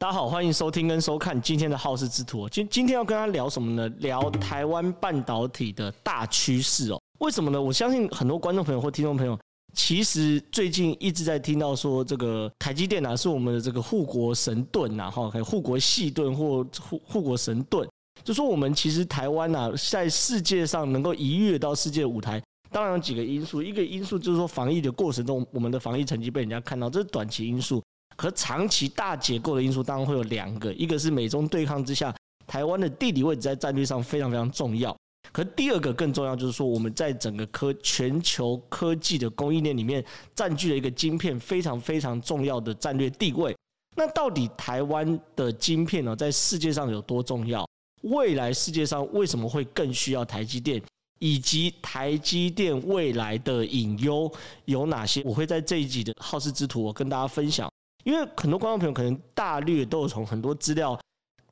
大家好，歡迎收聽跟收看今天的皓事之徒。今、哦、今天要跟大家聊什麼呢？聊台灣半導體的大趨勢哦。為什麼呢？我相信很多觀眾朋友或聽眾朋友，其實最近一直在聽到說，這個台積電吶、啊、是我們的這個護國神盾吶、啊，哈，護國細盾或護護國神盾。就說我們其實台灣吶、啊，在世界上能夠一躍到世界舞台，當然有幾個因素。一個因素就是說，防疫的過程中，我們的防疫成績被人家看到，這是短期因素。和長期大結構的因素，當中會有兩個，一個是美中對抗之下，台灣的地理位置在戰略上非常非常重要。可第二個更重要，就是說我們在整個科全球科技的供應鏈裡面，佔據了一個晶片非常非常重要的戰略地位。那到底台灣的晶片呢，在世界上有多重要？未來世界上為什麼會更需要台積電？以及台積電未來的隱憂有哪些？我會在這一集的《皓事之徒》我跟大家分享。因為很多觀眾朋友可能大略都有從很多資料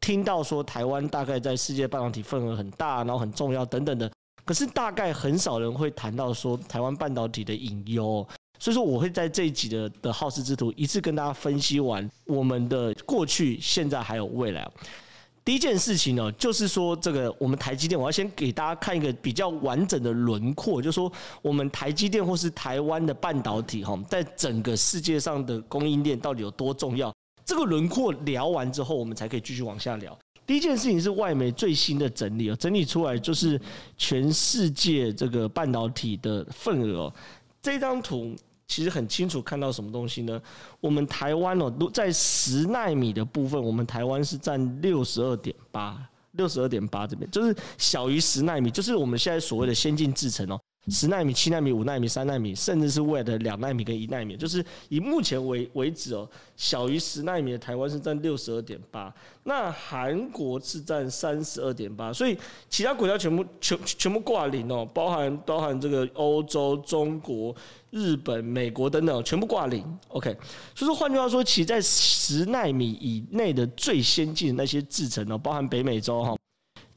聽到說，台灣大概在世界半導體份額很大，然後很重要等等的，可是大概很少人會談到說台灣半導體的隱憂，所以說我會在這一集的的皓事之徒一次跟大家分析完我們的過去、現在還有未來。第一件事情呢，就是說這個我們台積電，我要先給大家看一個比較完整的輪廓，就是說我們台積電或是台灣的半導體，哈，在整個世界上的供應鏈到底有多重要。這個輪廓聊完之後，我們才可以繼續往下聊。第一件事情是外媒最新的整理哦，整理出來就是全世界這個半導體的份額，這張圖。其實很清楚看到什麼東西呢？我們台灣哦，在十奈米的部分，我們台灣是占六十二點八，六十二點八這邊就是小於十奈米，就是我們現在所謂的先進製程哦，十奈米、七奈米、五奈米、三奈米，甚至是未來的兩奈米跟一奈米，就是以目前為為止哦、喔，小於十奈米的台灣是占六十二點八，那韓國是占三十二點八，所以其他國家全部全全部掛零哦，包含包含這個歐洲、中國。日本、美國等等、喔，全部掛零。OK，所以說換句話說，其實在十奈米以內的最先進的那些製程哦、喔，包含北美洲哈、喔，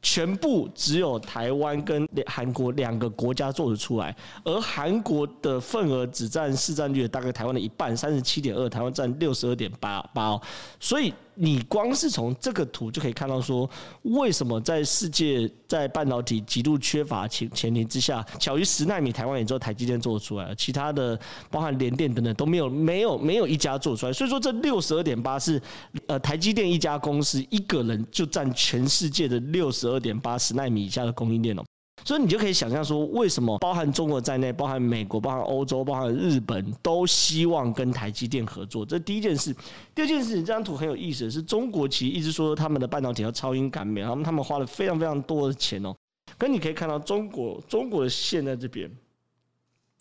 全部只有台灣跟韓國兩個國家做得出來，而韓國的份額只占市占率的大概台灣的一半，三十七點二，台灣占六十二點八八哦，所以。你光是從這個圖就可以看到，說為什麼在世界在半導體極度缺乏前前提之下，小於十納米台灣也只有台積電做出來了，其他的包含聯電等等都沒有沒有沒有一家做出來。所以說這六十二點八是，呃，台積電一家公司一個人就占全世界的六十二點八十納米以下的供應鏈哦。所以你就可以想象說，為什麼包含中國在內，包含美國，包含歐洲，包含日本，都希望跟台積電合作？這第一件事。第二件事，這張圖很有意思，是中國其實一直說說他們的半導體要超英趕美，然後他們花了非常非常多的錢哦、喔。可你可以看到，中國中國的線在這邊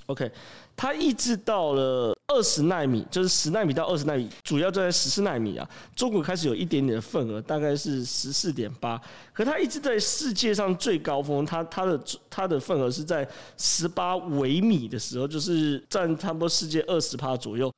，OK，它一直到了。二十納米就是十納米到二十納米，主要就在十四納米啊。中國開始有一點點的份額，大概是十四點八，可它一直在世界上最高峰，它的它的它的份額是在十八微米的時候，就是占差不多世界二十趴左右。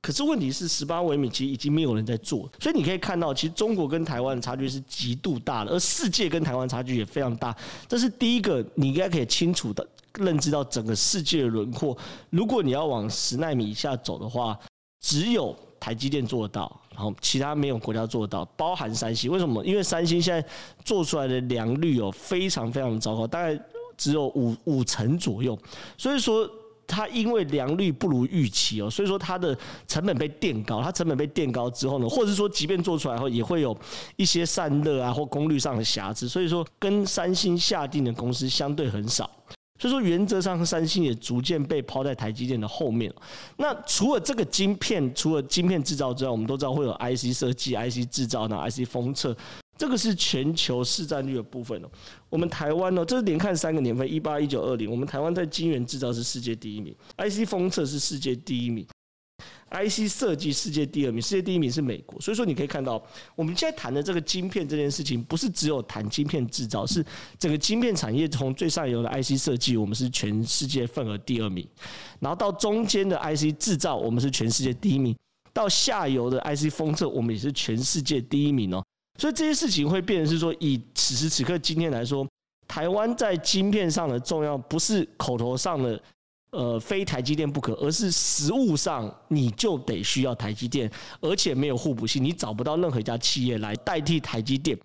可是問題是，十八微米其實已經沒有人在做，所以你可以看到，其實中國跟台灣的差距是極度大的，而世界跟台灣差距也非常大。這是第一個，你應該可以清楚的，認知到整個世界的輪廓。如果你要往十奈米以下走的話，只有台積電做得到，然後其他沒有國家做得到，包含三星。為什麼？因為三星現在做出來的良率哦，非常非常糟糕，大概只有五五成左右。所以說它因為良率不如預期哦，所以說它的成本被墊高。它成本被墊高之後呢，或者是說即便做出來後也會有一些散熱啊或功率上的瑕疵。所以說跟三星下定的公司相對很少。所以，就是，說原則上，三星也逐漸被拋在台積電的後面。那除了這個晶片，除了晶片製造之外，我們都知道會有 IC 設計、IC 製造、那 IC 封測，這個是全球市占率的部分哦。我們台灣哦，這，就是連看三個年份：一八、一九、二零。我們台灣在晶圓製造是世界第一名，IC 封測是世界第一名。IC 設計世界第二名，世界第一名是美國。所以說，你可以看到，我們現在談的這個晶片這件事情，不是只有談晶片製造，是整個晶片產業從最上游的 IC 設計，我們是全世界份額第二名，然後到中間的 IC 製造，我們是全世界第一名，到下游的 IC 封測，我們也是全世界第一名哦。所以這些事情會變成是說，以此時此刻今天來說，台灣在晶片上的重要，不是口頭上的。呃，非台積電不可，而是實務上你就得需要台積電，而且沒有互補性，你找不到任何一家企業來代替台積電。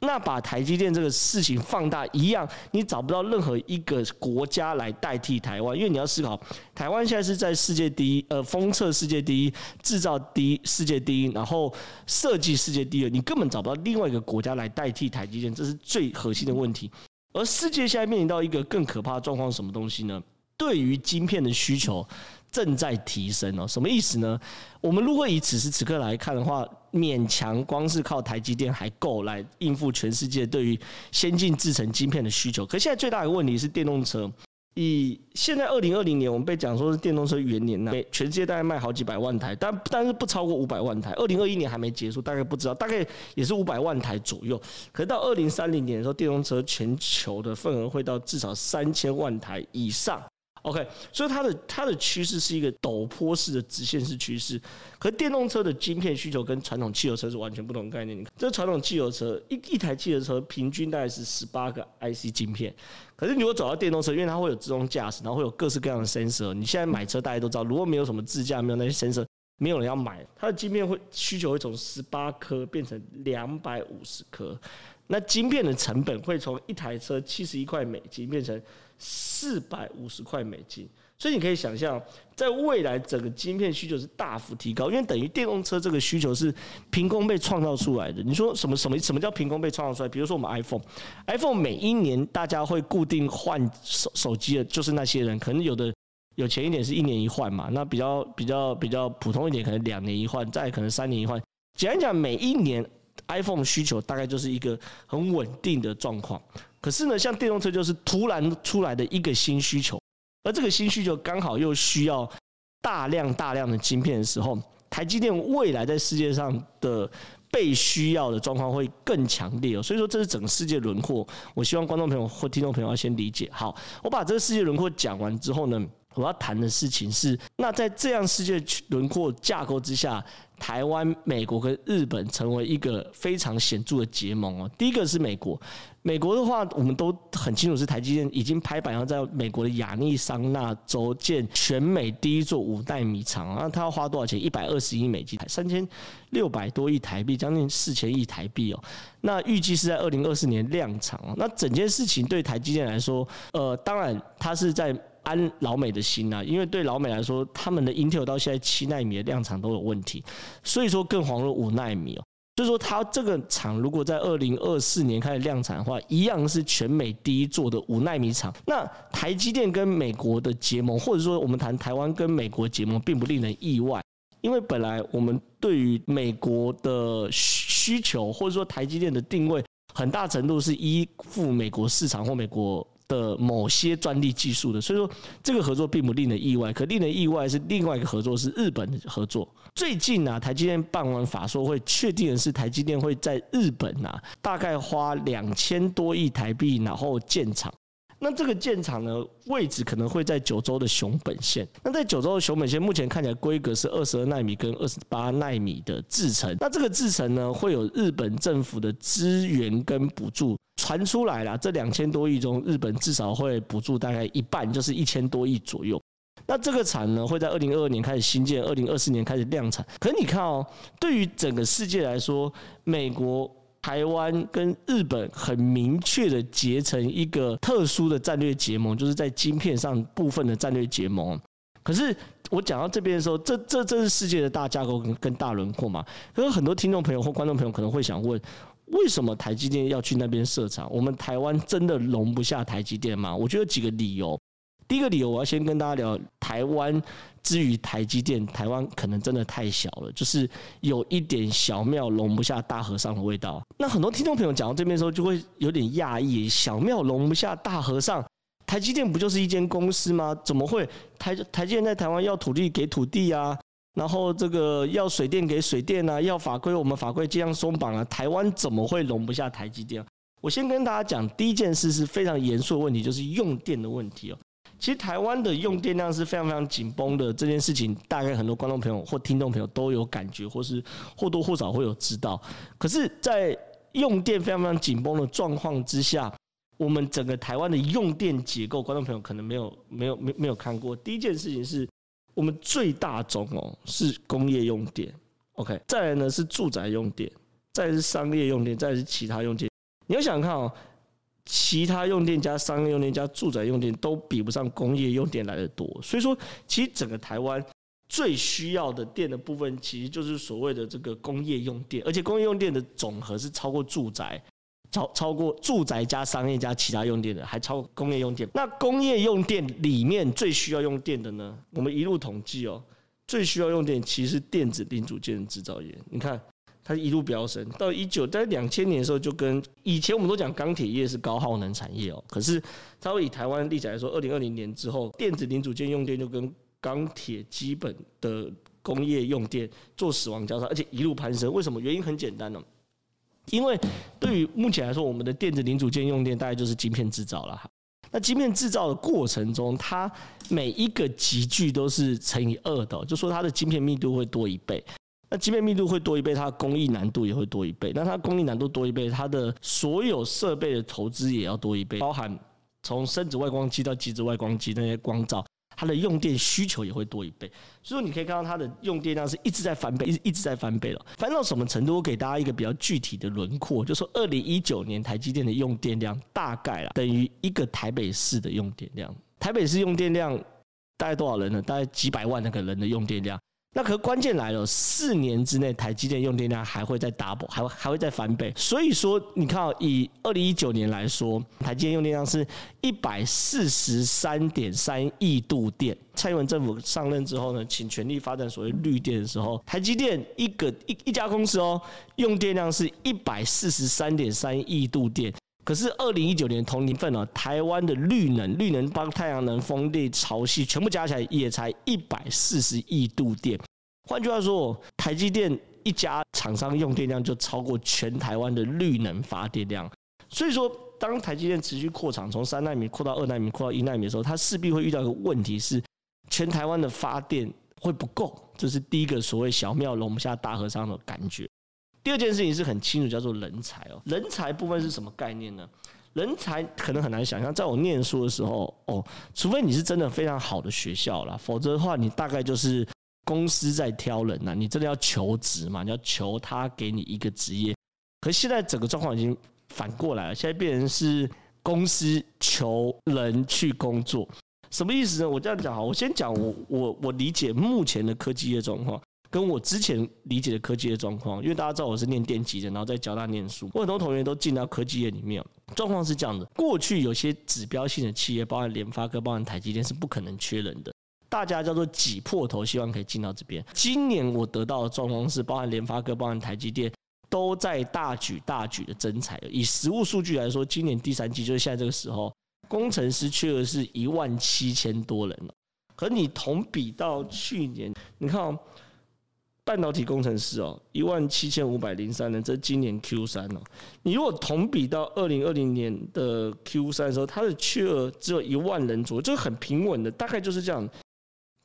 那把台積電這個事情放大一樣，你找不到任何一個國家來代替台灣，因為你要思考，台灣現在是在世界第一，呃，封測世界第一，製造第一，世界第一，然後設計世界第二。你根本找不到另外一個國家來代替台積電，這是最核心的問題。而世界現在面臨到一個更可怕的狀況是什麼東西呢？對於晶片的需求正在提升哦、喔，什麼意思呢？我們如果以此時此刻來看的話，勉強光是靠台積電還夠來應付全世界對於先進製程晶片的需求。可現在最大的問題是電動車。以現在二零二零年，我們被講說是電動車元年呢，全世界大概賣好幾百萬台，但但是不超過五百萬台。二零二一年還沒結束，大概不知道，大概也是五百萬台左右。可是到二零三零年的時候，電動車全球的份額會到至少三千萬台以上。OK，所以它的它的趨勢是一個陡坡式的直線式趨勢。可是電動車的晶片需求跟傳統汽油車、車是完全不同的概念。你看，這傳統汽油車、車一一台汽油車、車平均大概是十八個 IC 晶片，可是你如果走到電動車，因為它會有自動駕駛，然後會有各式各樣的 sensor。你現在買車大家都知道，如果沒有什麼自駕，沒有那些 sensor，沒有人要買，它的晶片會需求會從十八顆變成兩百五十顆。那晶片的成本會從一台車七十一塊美金變成四百五十塊美金，所以你可以想象，在未來整個晶片需求是大幅提高，因為等於電動車這個需求是憑空被創造出來的。你說什麼什麼什麼叫憑空被創造出來？比如說我們 iPhone，iPhone 每一年大家會固定換手手機的，就是那些人，可能有的有錢一點是一年一換嘛，那比較比較比較普通一點可能兩年一換，再可能三年一換。講一講每一年。iPhone 需求大概就是一個很穩定的狀況，可是呢，像電動車就是突然出來的一個新需求，而這個新需求剛好又需要大量大量的晶片的時候，台積電未來在世界上的被需要的狀況會更強烈哦。所以說，這是整個世界輪廓，我希望觀眾朋友或聽眾朋友要先理解。好，我把這個世界輪廓講完之後呢。我要談的事情是，那在這樣世界輪廓架構之下，台灣、美國跟日本成為一個非常顯著的結盟哦。第一個是美國，美國的話，我們都很清楚是台積電已經拍板，要在美國的亞利桑那州建全美第一座五代米廠哦，那它要花多少錢？一百二十億美金，三千六百多億台幣，將近四千億台幣哦。那預計是在二零二四年量產哦。那整件事情對台積電來說，呃，當然它是在。安老美的心啊，因為對老美來說，他們的 Intel 到現在七納米的量產都有問題，所以說更遑論五納米哦、喔。所以說，他這個廠如果在二零二四年開始量產的話，一樣是全美第一座的五納米廠。那台積電跟美國的結盟，或者說我們談台灣跟美國結盟，並不令人意外，因為本來我們對於美國的需求，或者說台積電的定位，很大程度是依附美國市場或美國。的某些專利技術的，所以說這個合作並不令人意外，可令人意外是另外一個合作，是日本的合作。最近啊，台積電辦完法說會，確定的是台積電會在日本啊，大概花兩千多億台幣，然後建廠。那這個建廠呢，位置可能會在九州的熊本縣。那在九州的熊本縣，目前看起來規格是二十二奈米跟二十八奈米的製程。那這個製程呢，會有日本政府的資源跟補助傳出來啦。這兩千多億中，日本至少會補助大概一半，就是一千多億左右。那這個廠呢，會在二零二二年開始新建，二零二四年開始量產。可是你看喔，對於整個世界來說，美國。台灣跟日本很明確的結成一個特殊的戰略結盟，就是在芯片上部分的戰略結盟。可是我講到這邊的時候，這這這是世界的大架構跟跟大輪廓嘛。可是很多聽眾朋友或觀眾朋友可能會想問：為什麼台積電要去那邊設廠？我們台灣真的容不下台積電嗎？我覺得有幾個理由。第一個理由，我要先跟大家聊台灣。至於台積電，台灣可能真的太小了，就是有一點小廟容不下大和尚的味道。那很多聽眾朋友講到這邊的時候，就會有點訝異：小廟容不下大和尚，台積電不就是一間公司嗎？怎麼會台台積電在台灣要土地給土地啊，然後這個要水電給水電啊，要法規我們法規這樣鬆綁啊？台灣怎麼會容不下台積電啊？我先跟大家講第一件事是非常嚴肅的問題，就是用電的問題哦。其實台灣的用電量是非常非常緊繃的，這件事情大概很多觀眾朋友或聽眾朋友都有感覺，或是或多或少會有知道。可是，在用電非常非常緊繃的狀況之下，我們整個台灣的用電結構，觀眾朋友可能沒有沒有沒有沒有看過。第一件事情是我們最大宗哦，是工業用電，OK，再來呢是住宅用電，再來是商業用電，再來是其他用電。你要想看哦。其他用電加商業用電加住宅用電都比不上工業用電來得多，所以說其實整個台灣最需要的電的部分其實就是所謂的這個工業用電，而且工業用電的總和是超過住宅，超超過住宅加商業加其他用電的，還超工業用電。那工業用電裡面最需要用電的呢？我們一路統計哦，最需要用電其實是電子零組件製造業，你看。它一路飆升到一九，到兩千年的時候就跟以前我們都講鋼鐵業是高耗能產業哦、喔，可是它會以台灣的例子來說，二零二零年之後電子零組件用電就跟鋼鐵基本的工業用電做死亡交叉，而且一路攀升。為什麼？原因很簡單呢、喔，因為對於目前來說，我們的電子零組件用電大概就是芯片制造了。那芯片制造的過程中，它每一個集聚都是乘以二的，就是、說它的芯片密度會多一倍。那基面密度會多一倍，它的工藝難度也會多一倍。那它的工藝難度多一倍，它的所有設備的投資也要多一倍，包含從深紫外光機到極紫外光機那些光照，它的用電需求也會多一倍。所以說，你可以看到它的用電量是一直在翻倍，一直一直在翻倍了。翻到什麼程度？我給大家一個比較具體的輪廓，就說二零一九年台積電的用電量大概等於一個台北市的用電量。台北市用電量大概多少人呢？大概幾百萬那個人的用電量。那可關鍵來了，四年之內，台積電用電量還會再 double，還會還會再翻倍。所以說，你看啊、喔，以二零一九年來說，台積電用電量是一百四十三點三億度電。蔡英文政府上任之後呢，請全力發展所謂綠電的時候，台積電一個一一家公司哦、喔，用電量是一百四十三點三億度電。可是，二零一九年同年份呢、啊，台灣的綠能、綠能幫、太陽能、風力、潮汐全部加起來也才一百四十億度電。換句話說，台積電一家廠商用電量就超過全台灣的綠能發電量。所以說，當台積電持續擴廠，從三納米擴到二納米、擴到一納米的時候，它勢必會遇到一個問題是，全台灣的發電會不夠。這是第一個所謂小廟容不下大和尚的感覺。第二件事情是很清楚，叫做人才哦。人才部分是什麼概念呢？人才可能很難想象在我念書的時候，哦，除非你是真的非常好的學校啦，否則的話，你大概就是公司在挑人吶、啊。你真的要求職嘛？你要求他給你一個職業。可現在整個狀況已經反過來了，現在變成是公司求人去工作，什麼意思呢？我這樣講好，我先講我我我理解目前的科技業狀況。跟我之前理解的科技的狀況，因為大家知道我是念電機的，然後在交大念書，我很多同學都進到科技業裡面。狀況是這樣的：過去有些指標性的企業，包含聯發科、包含台積電，是不可能缺人的，大家叫做擠破頭，希望可以進到這邊。今年我得到的狀況是，包含聯發科、包含台積電，都在大舉大舉的增材。以實物數據來說，今年第三季就是現在這個時候，工程師缺的是一萬七千多人了。可你同比到去年，你看，喔。半導體工程師哦，一萬七千五百零三人，這是今年 Q 三哦。你如果同比到二零二零年的 Q 三時候，它的缺額只有一萬人左右，就是很平穩的，大概就是這樣。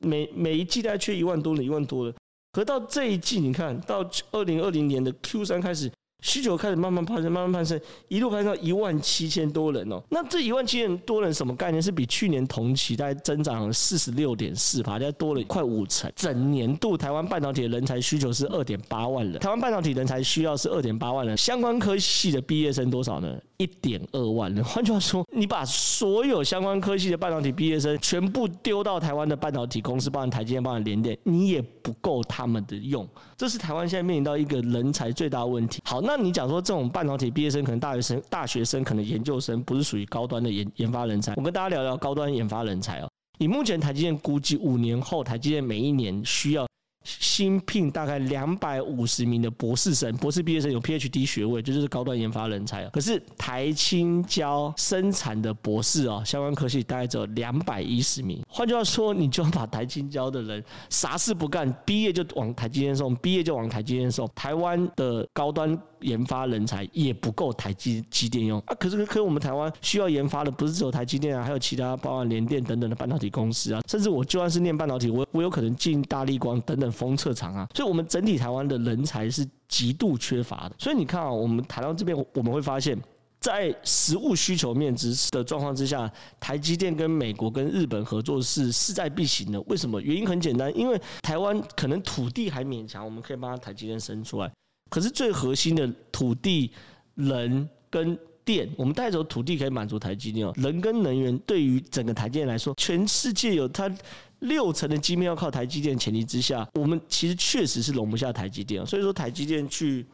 每每一季大概缺一萬多人，一萬多人，可到這一季，你看到二零二零年的 Q 三開始。需求開始慢慢攀升，慢慢攀升，一路攀升到一萬七千多人哦、喔。那這一萬七千多人什麼概念？是比去年同期在增長四十六點四吧，現在多了快五成。整年度台灣半導體的人才需求是二點八萬人，台灣半導體人才需要是二點八萬人，相關科系的畢業生多少呢？一點二萬人。換句話說，你把所有相關科系的半導體畢業生全部丟到台灣的半導體公司，包含台積電、包含聯電，你也不夠他們的用。這是台灣現在面臨到一個人才最大問題。好，那。那你講說這種半導體畢業生，可能大學生、大學生可能研究生不是屬於高端的研研發人才。我跟大家聊聊高端研發人才哦。以目前台積電估計，五年後台積電每一年需要新聘大概兩百五十名的博士生，博士畢業生有 PhD 學位，這就是高端研發人才。可是台清交生產的博士哦、喔，相關科系大概只有兩百一十名。換句話說，你就把台清交的人啥事不幹，畢業就往台積電送，畢業就往台積電送。台灣的高端研發人才也不夠台積電用啊，可是可是我們台灣需要研發的不是只有台積電啊，還有其他包括聯電等等的半導體公司啊，甚至我就算是念半導體，我我有可能進大立光等等封測廠啊，所以我們整體台灣的人才是極度缺乏的。所以你看啊，我們台灣這邊，我們會發現，在實物需求面之的狀況之下，台積電跟美國跟日本合作是勢在必行的。為什麼？原因很簡單，因為台灣可能土地還勉強，我們可以幫它台積電生出來。可是最核心的土地、人跟電，我們帶走土地可以滿足台積電哦。人跟能源對於整個台積電來說，全世界有它六成的機密要靠台積電，前提之下，我們其實確實是容不下台積電。所以說台積電去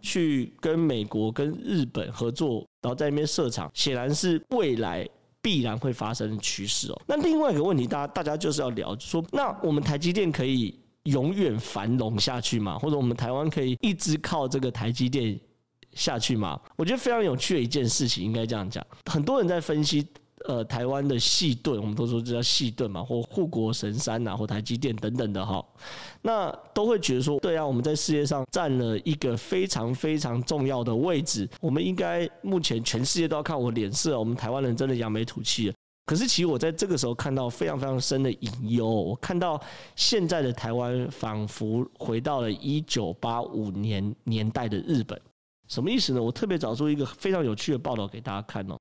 去跟美國、跟日本合作，然後在那邊設廠，顯然是未來必然會發生的趨勢哦。那另外一個問題，大家大家就是要聊是說，那我們台積電可以。永遠繁榮下去嘛，或者我們台灣可以一直靠這個台積電下去嘛？我覺得非常有趣的一件事情，應該這樣講，很多人在分析，呃，台灣的矽盾，我們都說這叫矽盾嘛，或護國神山吶、啊，或台積電等等的哈，那都會覺得說，對啊，我們在世界上占了一個非常非常重要的位置，我們應該目前全世界都要看我臉色，我們台灣人真的揚眉吐氣。可是，其實我在這個時候看到非常非常深的隱憂。我看到現在的台灣，仿佛回到了一九八五年年代的日本。什麼意思呢？我特別找出一個非常有趣的報道給大家看哦、喔。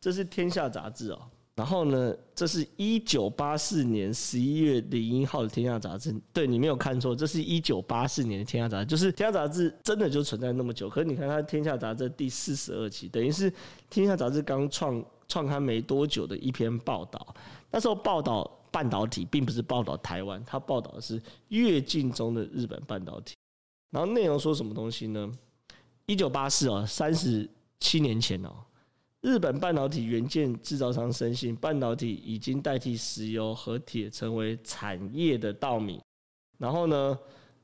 這是《天下》雜誌哦。然後呢，這是一九八四年十一月零一號的《天下》雜誌。對你沒有看錯，這是一九八四年的《天下》雜誌。就是《天下》雜志真的就存在那麼久。可是你看，它《天下》雜志第四十二期，等於是《天下》雜志剛創。創刊沒多久的一篇報道，那時候報道半導體並不是報道台灣，他報道的是躍進中的日本半導體。然後內容說什麼東西呢？一九八四哦，三十七年前哦，日本半導體元件製造商聲稱半導體已經代替石油和鐵成為產業的稻米。然後呢？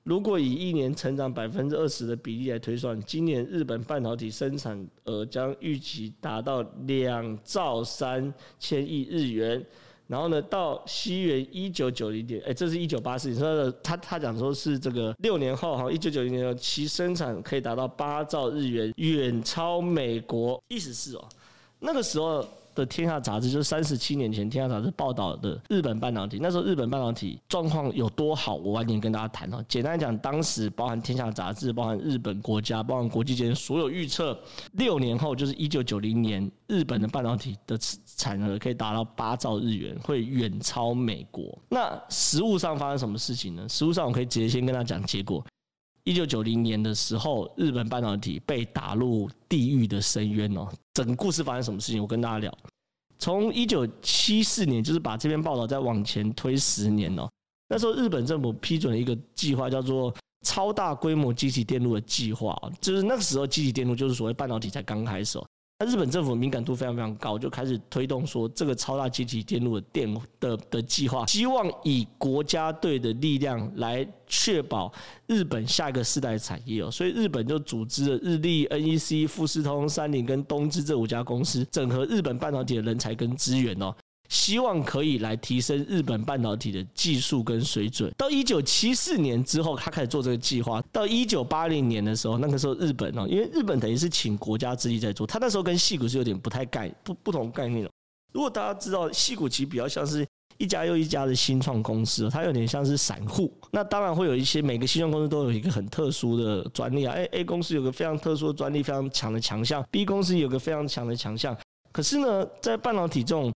如果以一年成長百分之二十的比例來推算，今年日本半導體生產額將預計達到兩兆三千億日元。然後呢，到西元一九九零年，哎、欸，這是一九八四年，他的他他講說是這個六年後哈，一九九零年其生產可以達到八兆日元，遠超美國。意思是哦，那個時候，的《天下雜誌》雜誌就是三十七年前，《天下》雜誌報道的日本半導體，那時候日本半導體狀況有多好，我晚點跟大家談了。簡單講，當時包含《天下》雜誌、包含日本國家、包含國際間所有預測，六年後就是一九九零年，日本的半導體的產能可以達到八兆日元，會遠超美國。那實務上發生什麼事情呢？實務上我可以直接先跟大家講結果。一九九零年的時候，日本半導體被打入地獄的深淵哦。整個故事發生什麼事情？我跟大家聊。從一九七四年，就是把這篇報道再往前推十年哦、喔。那時候，日本政府批准了一個計劃，叫做超大規模積體電路的計劃。就是那個時候，積體電路就是所謂半導體才剛開始、喔。日本政府敏感度非常非常高，就開始推動說這個超大積體電路的電的的計劃，希望以國家隊的力量來確保日本下一個世代的產業哦。所以日本就組織了日立、NEC、富士通、三菱跟東芝這五家公司，整合日本半導體的人才跟資源哦。希望可以來提升日本半導體的技術跟水準。到一九七四年之後，他開始做這個計劃。到一九八零年的時候，那個時候日本哦、喔，因為日本等於是請國家之力在做。他那時候跟矽谷，是有點不太概、不不同概念。如果大家知道矽谷，其實比較像是一家又一家的新創公司，它有點像是散戶。那當然會有一些每個新創公司都有一個很特殊的專利啊，哎 A 公司有個非常特殊的專利，非常強的強項；B 公司有個非常強的強項。可是呢，在半導體這種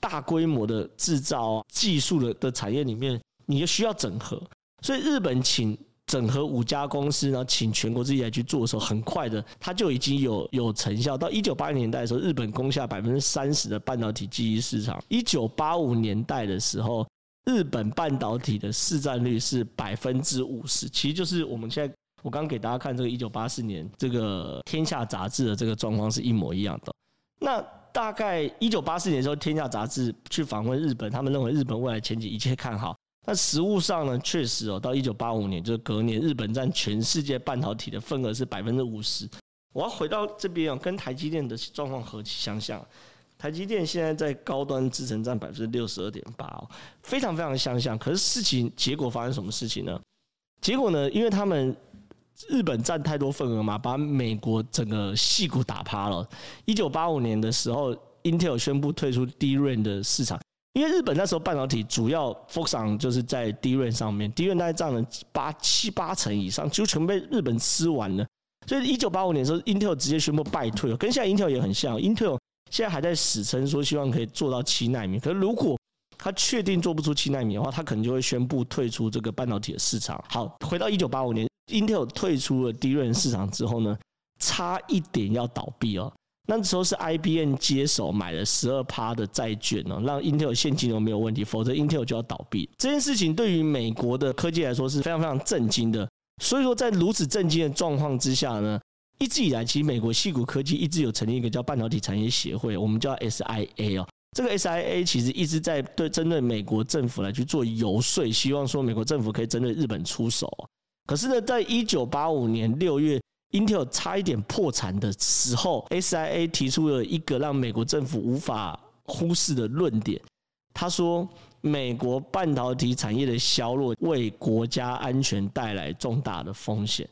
大規模的製造啊，技術的的產業裡面，你就需要整合。所以日本請整合五家公司，然後請全國自己來去做的時候，很快的，它就已經有有成效。到一九八零年代的時候，日本攻下百分之三十的半導體記憶市場。一九八五年代的時候，日本半導體的市占率是百分之五十，其實就是我們現在我剛給大家看這個一九八四年這個《天下》雜誌的這個狀況是一模一樣的。那大概一九八四年的時候，《天下》雜誌去訪問日本，他們認為日本未來前景一切看好。但實務上呢，確實哦，到一九八五年就是隔年，日本佔全世界半導體的份額是百分之五十。我要回到這邊哦，跟台積電的狀況何其相像。台積電現在在高端製程佔百分之六十二點八哦，非常非常相像、像。可是事情結果發生什麼事情呢？結果呢，因為他們。日本占太多份額嘛，把美國整個矽谷打趴了。一九八五年的時候，Intel 宣布退出 DRAM 的市場，因為日本那時候半導體主要 focus 就是在 DRAM 上面，DRAM 大概占了八七八成以上，幾乎全被日本吃完了。所以一九八五年的時候，Intel 直接宣布敗退了，跟現在 Intel 也很像。Intel 現在還在死撐，說希望可以做到七納米，可是如果他確定做不出七納米的話，他可能就會宣布退出這個半導體的市場。好，回到一九八五年。Intel 退出了低利潤市場之後呢，差一點要倒閉哦。那時候是 IBM 接手買了十二趴的債券哦、喔，讓 Intel 現金流沒有問題，否則 Intel 就要倒閉。這件事情對於美國的科技來說是非常非常震驚的。所以說，在如此震驚的狀況之下呢，一直以來其實美國矽谷科技一直有成立一個叫半導體產業協會，我們叫 SIA 哦、喔。這個 SIA 其實一直在對針對美國政府來去做遊說，希望說美國政府可以針對日本出手。可是呢，在一九八五年六月，Intel 差一點破產的時候，SIA 提出了一個讓美國政府無法忽視的論點。他說，美國半導體產業的削弱為國家安全帶來重大的風險。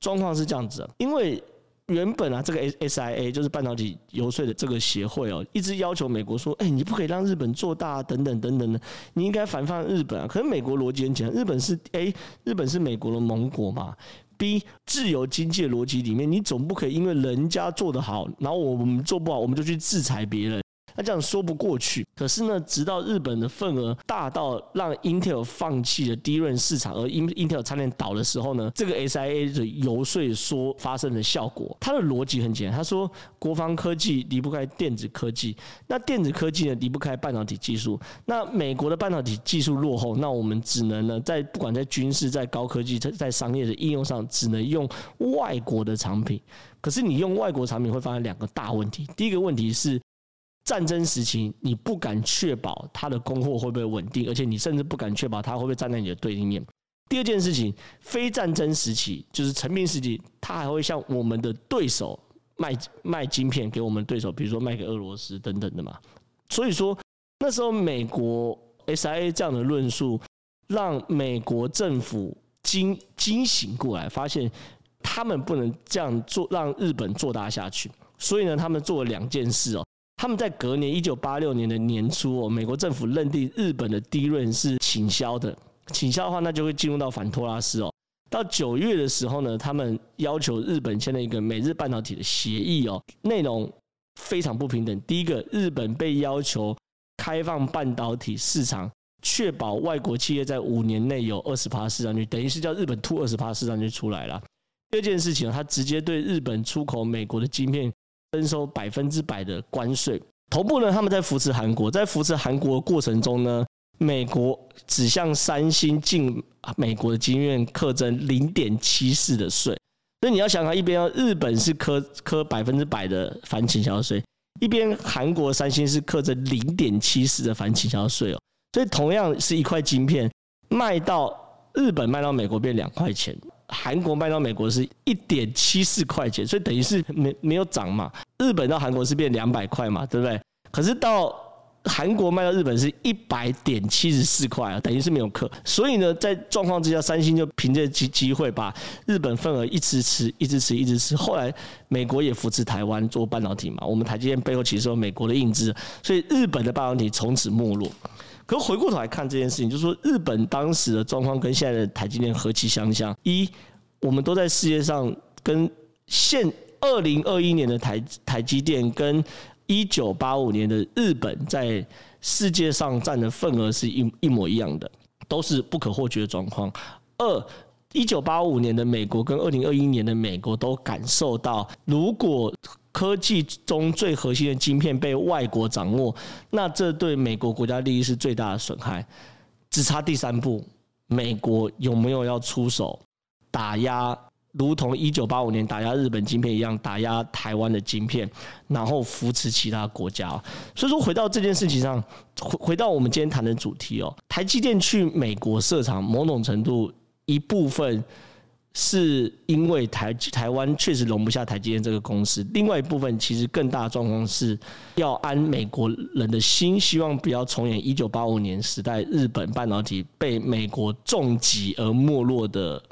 狀況是這樣子的，啊，因為。原本啊，這個 S S I A 就是半導體遊說的這個協會哦，一直要求美國說，哎、欸，你不可以讓日本做大，等等等等的，你應該反放日本啊。可是美國邏輯很簡單，日本是 A，日本是美國的盟國嘛。B 自由經濟邏輯裡面，你總不可以因為人家做得好，然後我我們做不好，我們就去制裁別人。那、啊、這樣說不過去。可是呢，直到日本的份額大到讓 Intel 放棄了 DRAM 市場，而 Intel 差點倒的時候呢，這個 SIA 的遊說說發生的效果，它的邏輯很簡單。他說，國防科技離不開電子科技，那電子科技呢離不開半導體技術。那美國的半導體技術落後，那我們只能呢，在不管在軍事、在高科技、在在商業的應用上，只能用外國的產品。可是你用外國產品會發生兩個大問題。第一個問題是。戰爭時期，你不敢確保他的供貨會不會穩定，而且你甚至不敢確保他會不會站在你的對立面。第二件事情，非戰爭時期，就是和平時期，他還會向我們的對手賣賣晶片給我們的對手，比如說賣給俄羅斯等等的嘛。所以說，那時候美國 SIA 這樣的論述，讓美國政府驚驚醒過來，發現他們不能這樣做，讓日本做大下去。所以呢，他們做了兩件事哦、喔。他們在隔年一九八六年的年初哦，美國政府認定日本的 DRAM 是傾銷的，傾銷的話，那就會進入到反托拉斯哦。到九月的時候呢，他們要求日本簽了一個美日半導體的協議哦，內容非常不平等。第一個，日本被要求開放半導體市場，確保外國企業在五年內有二十趴市場率，等於是叫日本吐二十趴市場率出來了。第二件事情，他直接對日本出口美國的晶片，徵收百分之百的關稅。同步呢，他們在扶持韓國，在扶持韓國的過程中呢，美國只向三星進美國的晶圓課徵零點七四的稅。所以你要想看，一邊日本是課課百分之百的反傾銷稅，一邊韓國三星是課徵零點七四的反傾銷稅哦。所以同樣是一塊晶片，賣到日本賣到美國變兩塊錢。韓國賣到美國是一點七四塊錢，所以等於是沒沒有漲嘛。日本到韓國是變兩百塊嘛，對不對？可是到韓國賣到日本是一百點七十四塊啊，等於是沒有課。所以呢，在狀況之下，三星就憑借機機會把日本份額一,一直吃，一直吃，一直吃。後來美國也扶持台灣做半導體嘛，我們台積電背後其實有美國的印資，所以日本的半導體從此沒落。都回過頭來看這件事情，就是說日本當時的狀況跟現在的台積電何其相像。一，我們都在世界上跟現二零二一年的台台積電跟一九八五年的日本在世界上占的份額是一一模一樣的，都是不可或缺的狀況。二一九八五年的美國跟二零二一年的美國都感受到，如果科技中最核心的晶片被外國掌握，那這對美國國家利益是最大的損害。只差第三步，美國有沒有要出手打壓，如同一九八五年打壓日本晶片一樣，打壓台灣的晶片，然後扶持其他國家。所以說，回到這件事情上，回回到我們今天談的主題哦，台積電去美國設廠，某種程度。一部分是因為台台灣確實容不下台積電這個公司，另外一部分其實更大的狀況是要安美國人的心，希望不要重演一九八五年時代日本半導體被美國重擊而沒落的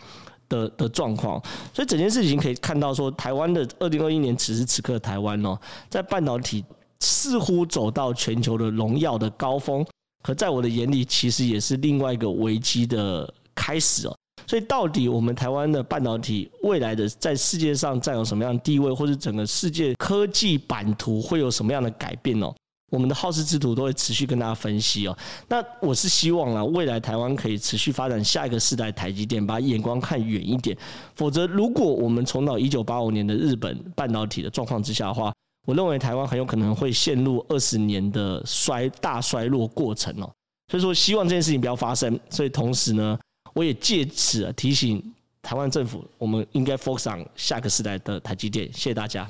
的的狀況。所以整件事情可以看到，說台灣的二零二一年此時此刻，台灣哦，在半導體似乎走到全球的榮耀的高峰，可在我的眼裡，其實也是另外一個危機的開始哦。所以，到底我們台灣的半導體未來的在世界上佔有什麼樣的地位，或者整個世界科技版圖會有什麼樣的改變呢、喔？我們的皓事之徒都會持續跟大家分析哦、喔。那我是希望啊，未來台灣可以持續發展下一個世代台積電，把眼光看遠一點。否則，如果我們重蹈一九八五年的日本半導體的狀況之下的話，我認為台灣很有可能會陷入二十年的衰大衰落過程哦、喔。所以說，希望這件事情不要發生。所以，同時呢。我也借此啊，提醒台灣政府，我們應該 focus on 下個時代的台積電。謝謝大家。